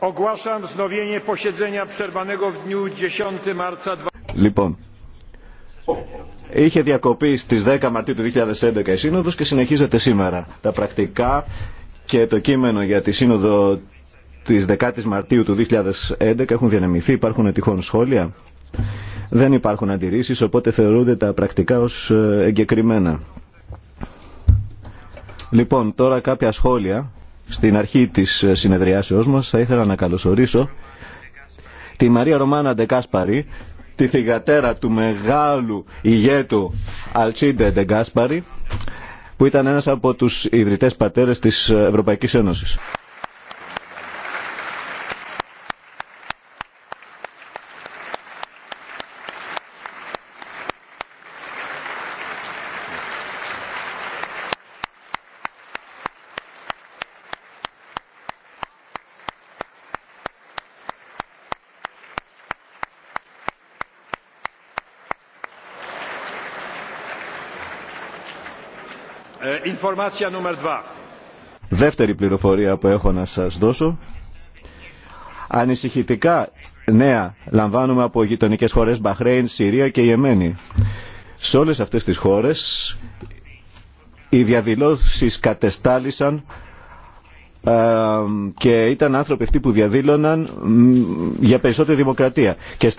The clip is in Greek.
Ogłaszam wznowienie posiedzenia przerwanego w dniu 10 marca Λοιπόν, είχε διακοπεί στις 10 Μαρτίου του 2011 η Σύνοδος και συνεχίζεται σήμερα. Τα πρακτικά και το κείμενο για τη Σύνοδο της 10ης Μαρτίου του 2011 έχουν διανεμηθεί. Υπάρχουν τυχόν σχόλια. Δεν υπάρχουν αντιρρήσεις, οπότε θεωρούνται τα πρακτικά ως ε, εγκεκριμένα. Λοιπόν, τώρα κάποια σχόλια στην αρχή της ε, συνεδριάσεώς μας θα ήθελα να καλωσορίσω τη Μαρία Ρωμάνα Ντεκάσπαρη, τη θηγατέρα του μεγάλου ηγέτου Αλτσίντε Ντεκάσπαρη, που ήταν ένας από τους ιδρυτές πατέρες της Ευρωπαϊκής Ένωσης. Ε, Δεύτερη πληροφορία που έχω να σας δώσω. Ανησυχητικά νέα λαμβάνουμε από γειτονικέ χώρες Μπαχρέιν, Συρία και Ιεμένη. Σε όλες αυτές τις χώρες οι διαδηλώσεις κατεστάλησαν ε, και ήταν άνθρωποι αυτοί που διαδήλωναν για περισσότερη δημοκρατία. Και